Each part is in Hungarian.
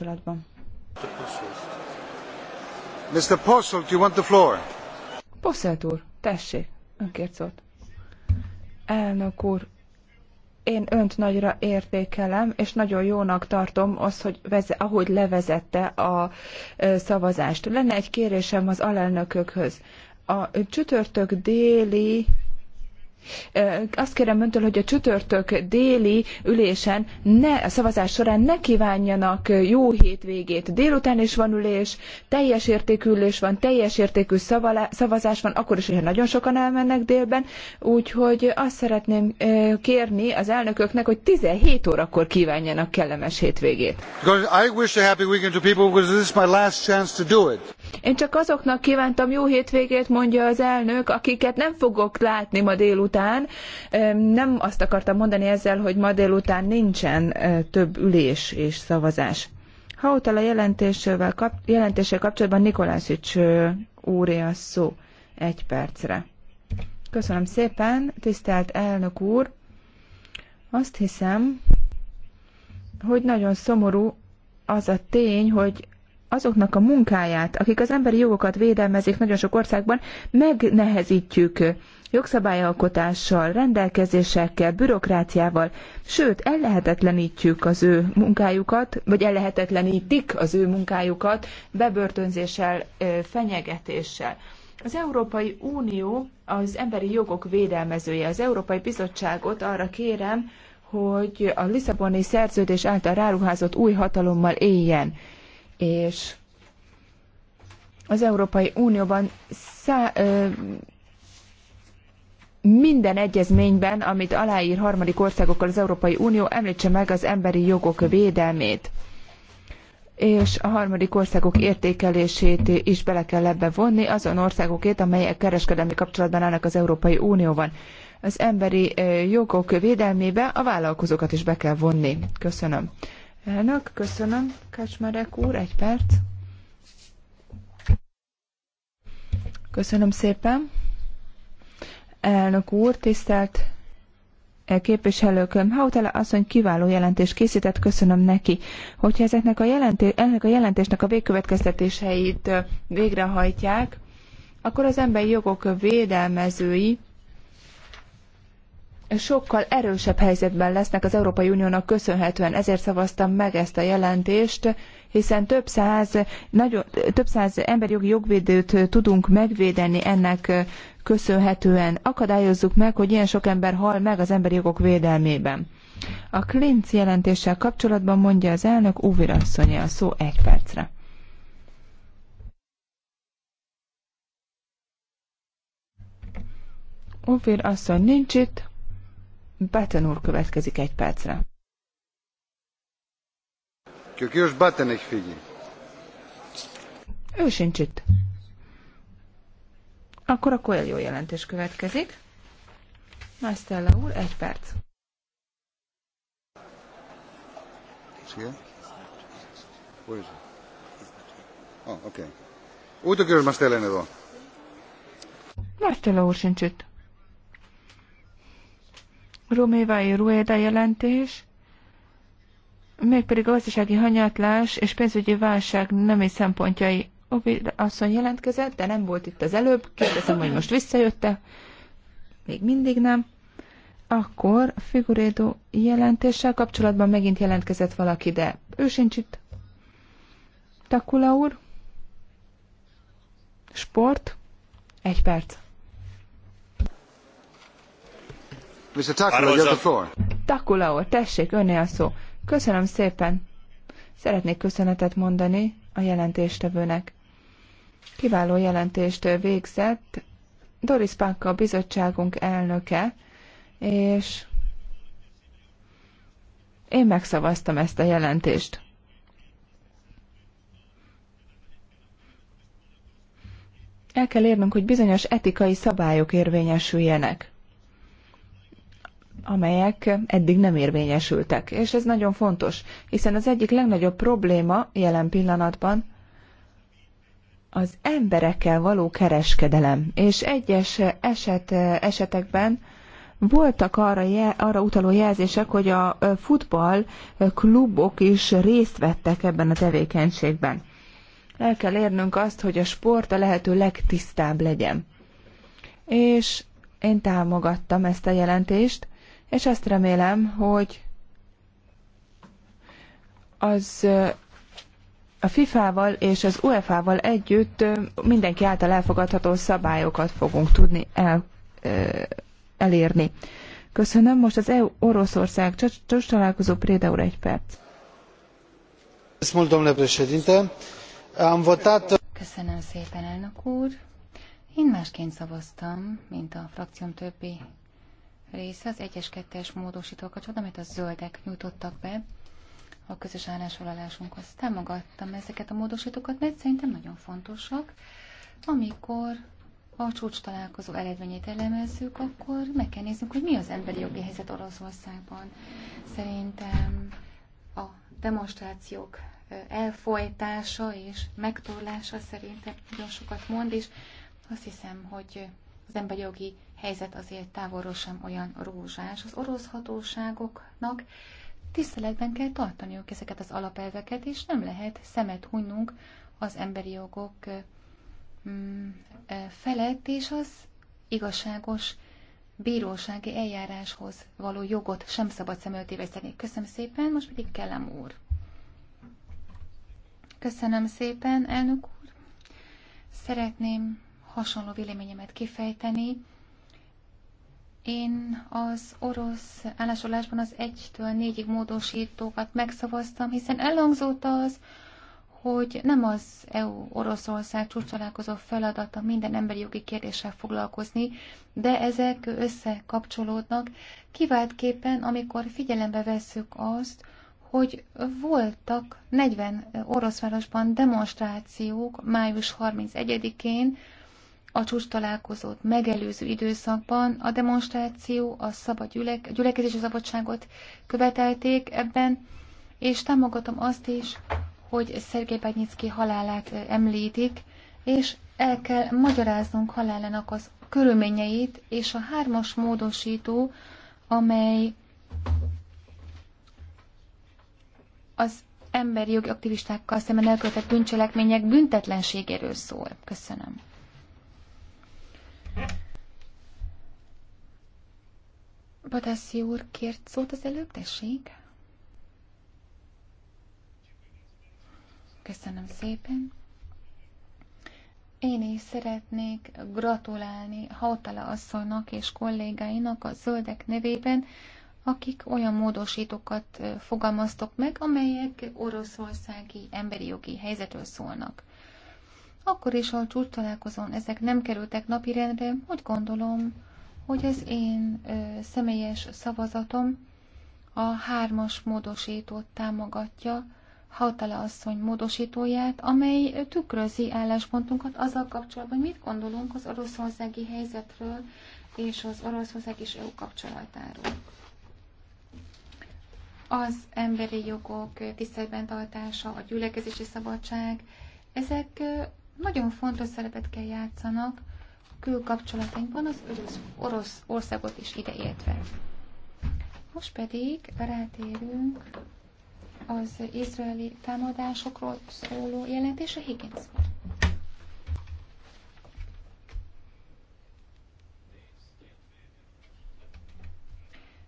kapcsolatban. Mr. Posselt, you want the floor? Posselt úr, tessék, önkért szót. Elnök úr, én önt nagyra értékelem, és nagyon jónak tartom azt, hogy veze, ahogy levezette a szavazást. Lenne egy kérésem az alelnökökhöz. A csütörtök déli azt kérem öntől, hogy a csütörtök déli ülésen ne, a szavazás során ne kívánjanak jó hétvégét. Délután is van ülés, teljes értékű ülés van, teljes értékű szavazás van, akkor is, hogyha nagyon sokan elmennek délben, úgyhogy azt szeretném kérni az elnököknek, hogy 17 órakor kívánjanak kellemes hétvégét. Én csak azoknak kívántam jó hétvégét, mondja az elnök, akiket nem fogok látni ma délután. Nem azt akartam mondani ezzel, hogy ma délután nincsen e, több ülés és szavazás. ha ott a jelentéssel kap, jelentéssel kapcsolatban Nikolászics úré a szó egy percre. Köszönöm szépen, tisztelt elnök úr! Azt hiszem, hogy nagyon szomorú az a tény, hogy azoknak a munkáját, akik az emberi jogokat védelmezik nagyon sok országban, megnehezítjük jogszabályalkotással, rendelkezésekkel, bürokráciával, sőt, ellehetetlenítjük az ő munkájukat, vagy ellehetetlenítik az ő munkájukat bebörtönzéssel, fenyegetéssel. Az Európai Unió az emberi jogok védelmezője. Az Európai Bizottságot arra kérem, hogy a Lisszaboni szerződés által ráruházott új hatalommal éljen és az Európai Unióban szá, ö, minden egyezményben, amit aláír harmadik országokkal az Európai Unió, említse meg az emberi jogok védelmét és a harmadik országok értékelését is bele kell ebbe vonni, azon országokét, amelyek kereskedelmi kapcsolatban állnak az Európai Unióban. Az emberi jogok védelmébe a vállalkozókat is be kell vonni. Köszönöm. Elnök, köszönöm. Kacsmarek úr, egy perc. Köszönöm szépen. Elnök úr, tisztelt képviselőköm. Hautala asszony kiváló jelentést készített, köszönöm neki. Hogyha ezeknek a, jelenté- ennek a jelentésnek a végkövetkeztetéseit végrehajtják, akkor az emberi jogok védelmezői sokkal erősebb helyzetben lesznek az Európai Uniónak köszönhetően. Ezért szavaztam meg ezt a jelentést, hiszen több száz, nagyon, több száz emberjogi jogvédőt tudunk megvédeni ennek köszönhetően. Akadályozzuk meg, hogy ilyen sok ember hal meg az emberi jogok védelmében. A Klinc jelentéssel kapcsolatban mondja az elnök Úvirasszonyi a szó egy percre. Ufir asszony nincs itt, Batten úr következik egy percre. Kökös Batten egy figyel. Ő sincs itt. Akkor a jó jelentés következik. Mastella úr, egy perc. Szia. Ah, oké. oké. it? Oh, okay. Úgy tökéletes Mastella nevő. Mastella úr sincs itt. Romévai Rueda jelentés, mégpedig a gazdasági hanyatlás és pénzügyi válság nemi szempontjai. Ovi asszony jelentkezett, de nem volt itt az előbb. Kérdezem, hogy most visszajötte. Még mindig nem. Akkor Figurédo jelentéssel kapcsolatban megint jelentkezett valaki, de ő sincs itt. Takula úr. Sport. Egy perc. Mr. Takula, you have the floor. Takula úr, tessék, önné a szó. Köszönöm szépen. Szeretnék köszönetet mondani a jelentéstevőnek. Kiváló jelentést végzett Doris Pákka, a bizottságunk elnöke, és én megszavaztam ezt a jelentést. El kell érnünk, hogy bizonyos etikai szabályok érvényesüljenek amelyek eddig nem érvényesültek. És ez nagyon fontos, hiszen az egyik legnagyobb probléma jelen pillanatban az emberekkel való kereskedelem. És egyes eset, esetekben voltak arra, arra utaló jelzések, hogy a futball klubok is részt vettek ebben a tevékenységben. El kell érnünk azt, hogy a sport a lehető legtisztább legyen. És én támogattam ezt a jelentést, és azt remélem, hogy az a FIFA-val és az UEFA-val együtt mindenki által elfogadható szabályokat fogunk tudni el, elérni. Köszönöm. Most az EU Oroszország csúcs találkozó Préda úr egy perc. Köszönöm szépen, elnök úr. Én másként szavaztam, mint a frakcióm többi része az 1-es, 2-es módosító kapcsolatban, amit a zöldek nyújtottak be a közös állásolalásunkhoz. Támogattam ezeket a módosítókat, mert szerintem nagyon fontosak. Amikor a csúcs találkozó eredményét elemezzük, akkor meg kell néznünk, hogy mi az emberi jogi helyzet Oroszországban. Szerintem a demonstrációk elfolytása és megtorlása szerintem nagyon sokat mond, és azt hiszem, hogy az emberi jogi helyzet azért távolról sem olyan rózsás. Az orosz hatóságoknak tiszteletben kell tartaniuk ezeket az alapelveket, és nem lehet szemet hunynunk az emberi jogok mm, e, felett, és az igazságos bírósági eljáráshoz való jogot sem szabad szem téveszteni. Köszönöm szépen, most pedig Kellem úr. Köszönöm szépen, elnök úr. Szeretném hasonló véleményemet kifejteni én az orosz állásolásban az 1-től 4-ig módosítókat megszavaztam, hiszen elhangzott az, hogy nem az EU-Oroszország csúcsalálkozó feladata minden emberi jogi kérdéssel foglalkozni, de ezek összekapcsolódnak, kiváltképpen, amikor figyelembe vesszük azt, hogy voltak 40 oroszvárosban demonstrációk május 31-én, a csúcs találkozót megelőző időszakban a demonstráció, a szabad gyülek, a gyülekezési szabadságot követelték ebben, és támogatom azt is, hogy Szergé Bányicki halálát említik, és el kell magyaráznunk halálának az körülményeit, és a hármas módosító, amely az emberi jogi aktivistákkal szemben elkövetett bűncselekmények büntetlenségéről szól. Köszönöm. Badassi úr kért szót az előbb, tessék. Köszönöm szépen. Én is szeretnék gratulálni Hautala asszonynak és kollégáinak a zöldek nevében, akik olyan módosítókat fogalmaztok meg, amelyek oroszországi emberi jogi helyzetről szólnak. Akkor is, ha a csúcs találkozón ezek nem kerültek napirendre, úgy gondolom, hogy az én ö, személyes szavazatom a hármas módosítót támogatja, Hautala asszony módosítóját, amely tükrözi álláspontunkat azzal kapcsolatban, hogy mit gondolunk az oroszországi helyzetről és az Oroszország és EU kapcsolatáról. Az emberi jogok tiszteletben tartása, a gyülekezési szabadság, ezek nagyon fontos szerepet kell játszanak külkapcsolatainkban az orosz országot is ideértve. Most pedig rátérünk az izraeli támadásokról szóló a Higgins.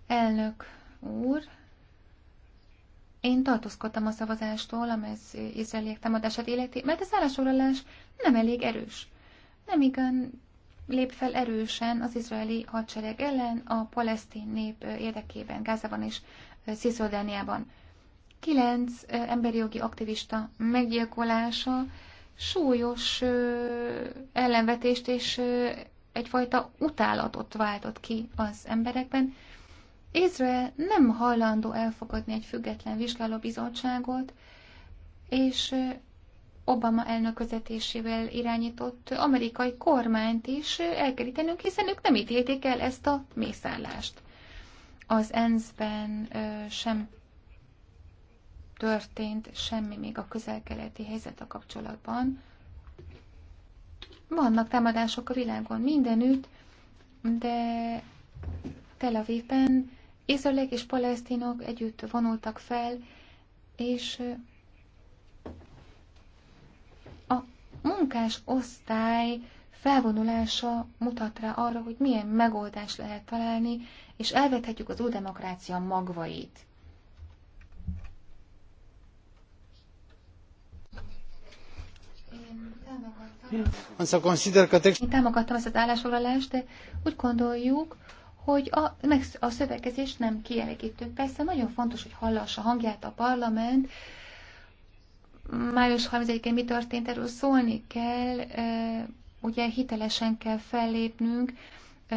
Elnök úr, én tartózkodtam a szavazástól, amely az izraeliek támadását életi, mert az állásfoglalás nem elég erős. Nem igen lép fel erősen az izraeli hadsereg ellen a palesztin nép érdekében, Gázában és Sziszordániában. Kilenc emberi jogi aktivista meggyilkolása súlyos ellenvetést és egyfajta utálatot váltott ki az emberekben. Izrael nem hajlandó elfogadni egy független vizsgálóbizottságot, és Obama elnöközetésével irányított amerikai kormányt is elkerítenünk, hiszen ők nem ítélték el ezt a mészállást. Az ENSZ-ben sem történt semmi még a közel-keleti helyzet a kapcsolatban. Vannak támadások a világon mindenütt, de Tel Avivben Izraelek és palesztinok együtt vonultak fel, és a munkás osztály felvonulása mutat rá arra, hogy milyen megoldást lehet találni, és elvethetjük az új demokrácia magvait. Én támogattam ezt az állásfoglalást, de úgy gondoljuk, hogy a, meg a szövegezés nem kielégítő. Persze nagyon fontos, hogy hallassa hangját a parlament. Május 31-én mi történt, erről szólni kell, ugye hitelesen kell fellépnünk,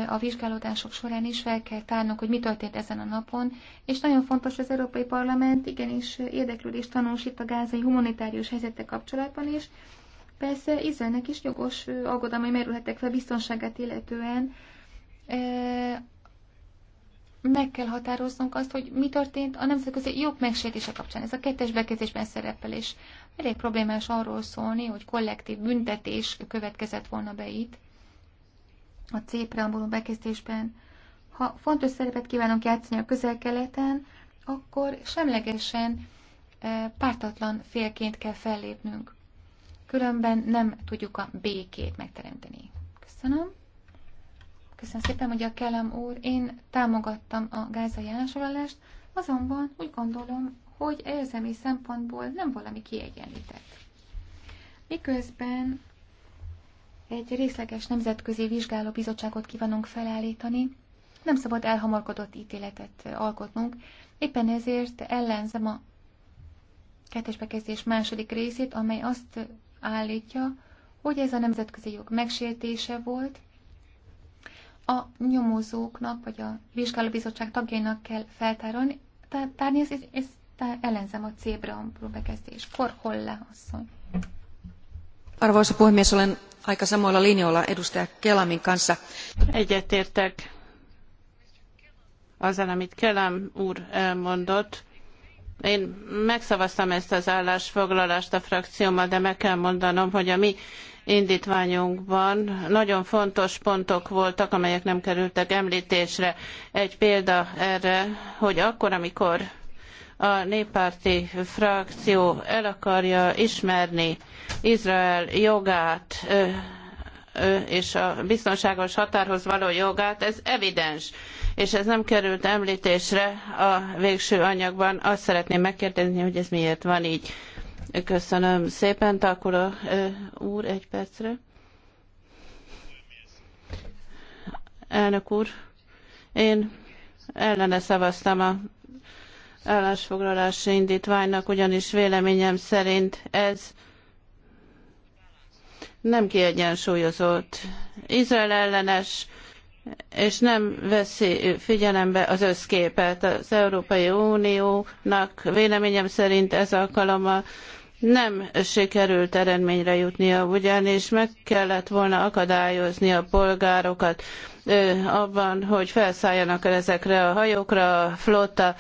a vizsgálódások során is fel kell tárnunk, hogy mi történt ezen a napon, és nagyon fontos az Európai Parlament igenis érdeklődést tanúsít a gázai humanitárius helyzete kapcsolatban is. Persze Izraelnek is jogos aggodalmai merülhetek fel biztonságát illetően, meg kell határoznunk azt, hogy mi történt a nemzetközi jog megsértése kapcsán. Ez a kettes bekezdésben szerepel, és elég problémás arról szólni, hogy kollektív büntetés következett volna be itt a C preambulum bekezdésben. Ha fontos szerepet kívánunk játszani a közel-keleten, akkor semlegesen e, pártatlan félként kell fellépnünk. Különben nem tudjuk a békét megteremteni. Köszönöm. Köszönöm szépen, hogy a Kelem úr, én támogattam a gázai elsorolást, azonban úgy gondolom, hogy érzelmi szempontból nem valami kiegyenlített. Miközben egy részleges nemzetközi vizsgálóbizottságot kívánunk felállítani, nem szabad elhamarkodott ítéletet alkotnunk, éppen ezért ellenzem a kettes bekezdés második részét, amely azt állítja, hogy ez a nemzetközi jog megsértése volt, a nyomozóknak, vagy a vizsgálóbizottság tagjainak kell feltárolni, tárni, ez, ez, ez ellenzem a C-bra bekezdés. le, asszony. Arvoisa puhemies, olen aika samoilla linjoilla edustaja Kelamin kanssa. Egyetértek azzal, amit Kelam úr elmondott én megszavaztam ezt az állásfoglalást a frakciómmal, de meg kell mondanom, hogy a mi indítványunkban nagyon fontos pontok voltak, amelyek nem kerültek említésre. Egy példa erre, hogy akkor, amikor a néppárti frakció el akarja ismerni Izrael jogát és a biztonságos határhoz való jogát, ez evidens, és ez nem került említésre a végső anyagban. Azt szeretném megkérdezni, hogy ez miért van így. Köszönöm szépen, Takula úr, egy percre. Elnök úr, én ellene szavaztam a állásfoglalási indítványnak, ugyanis véleményem szerint ez nem kiegyensúlyozott, Izrael ellenes, és nem veszi figyelembe az összképet. Az Európai Uniónak véleményem szerint ez alkalommal nem sikerült eredményre jutnia, ugyanis meg kellett volna akadályozni a polgárokat abban, hogy felszálljanak ezekre a hajókra. A flotta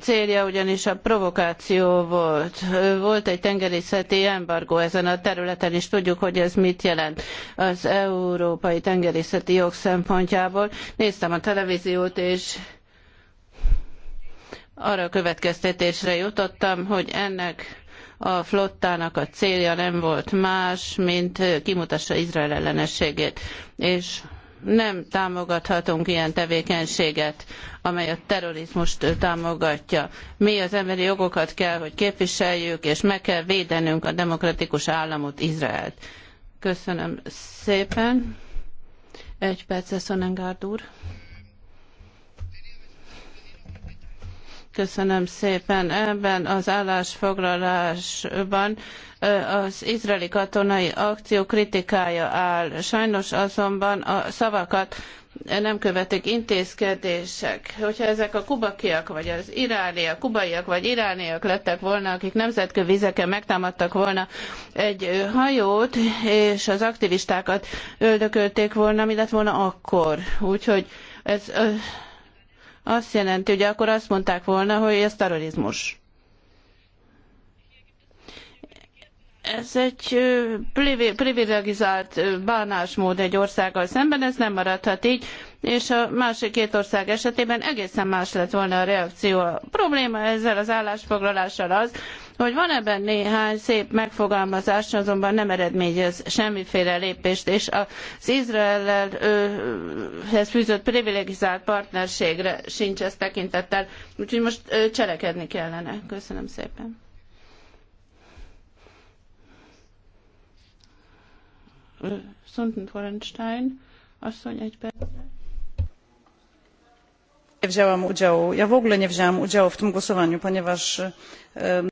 célja ugyanis a provokáció volt. Volt egy tengerészeti embargó ezen a területen, és tudjuk, hogy ez mit jelent az európai tengerészeti jog szempontjából. Néztem a televíziót, és arra a következtetésre jutottam, hogy ennek a flottának a célja nem volt más, mint kimutassa Izrael ellenességét. És nem támogathatunk ilyen tevékenységet, amely a terrorizmust támogatja. Mi az emberi jogokat kell, hogy képviseljük, és meg kell védenünk a demokratikus államot, Izraelt. Köszönöm szépen. Egy perc, Szonengárd úr. Köszönöm szépen. Ebben az állásfoglalásban az izraeli katonai akció kritikája áll. Sajnos azonban a szavakat nem követik intézkedések. Hogyha ezek a kubakiak, vagy az irániak, kubaiak, vagy irániak lettek volna, akik nemzetközi vizeken megtámadtak volna egy hajót, és az aktivistákat öldökölték volna, mi lett volna akkor? Úgyhogy ez azt jelenti, hogy akkor azt mondták volna, hogy ez terrorizmus. ez egy privilegizált bánásmód egy országgal szemben, ez nem maradhat így, és a másik két ország esetében egészen más lett volna a reakció. A probléma ezzel az állásfoglalással az, hogy van ebben néhány szép megfogalmazás, azonban nem eredményez semmiféle lépést, és az Izraelhez fűzött privilegizált partnerségre sincs ez tekintettel, úgyhogy most ö, cselekedni kellene. Köszönöm szépen. Szontent Horenstein, asszony egy percre. Nie wzięłam udziału, ja w ogóle nie wzięłam udziału w tym głosowaniu, ponieważ... E,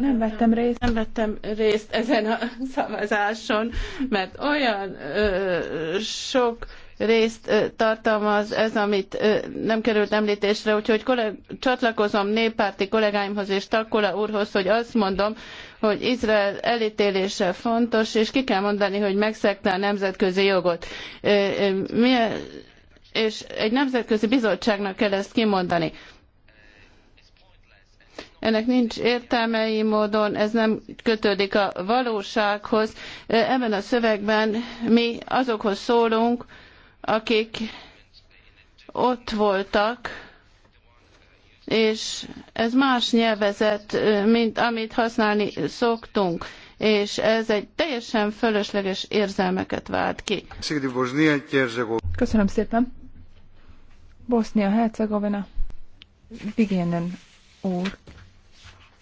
nem vettem részt. Nem vettem részt ezen a szavazáson, mert olyan ö, sok részt ö, tartalmaz ez, amit ö, nem került említésre, úgyhogy kolleg- csatlakozom néppárti kollégáimhoz és Takola úrhoz, hogy azt mondom, hogy Izrael elítélése fontos, és ki kell mondani, hogy megszegte a nemzetközi jogot. Ö, mi, és egy nemzetközi bizottságnak kell ezt kimondani ennek nincs értelmei módon, ez nem kötődik a valósághoz. Ebben a szövegben mi azokhoz szólunk, akik ott voltak, és ez más nyelvezet, mint amit használni szoktunk, és ez egy teljesen fölösleges érzelmeket vált ki. Köszönöm szépen. Bosznia-Hercegovina. Vigénen úr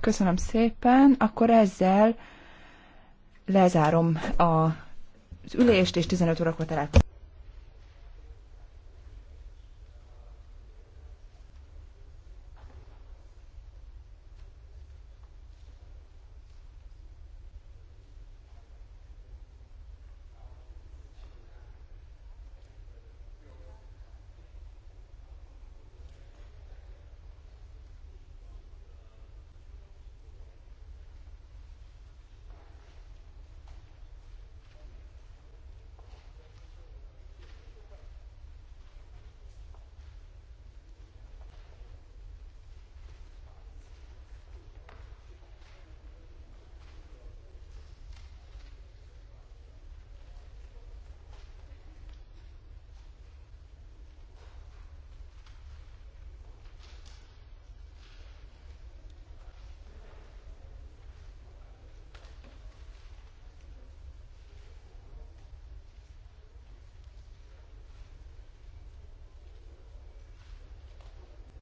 Köszönöm szépen. Akkor ezzel lezárom az ülést, és 15 órakor találkozunk.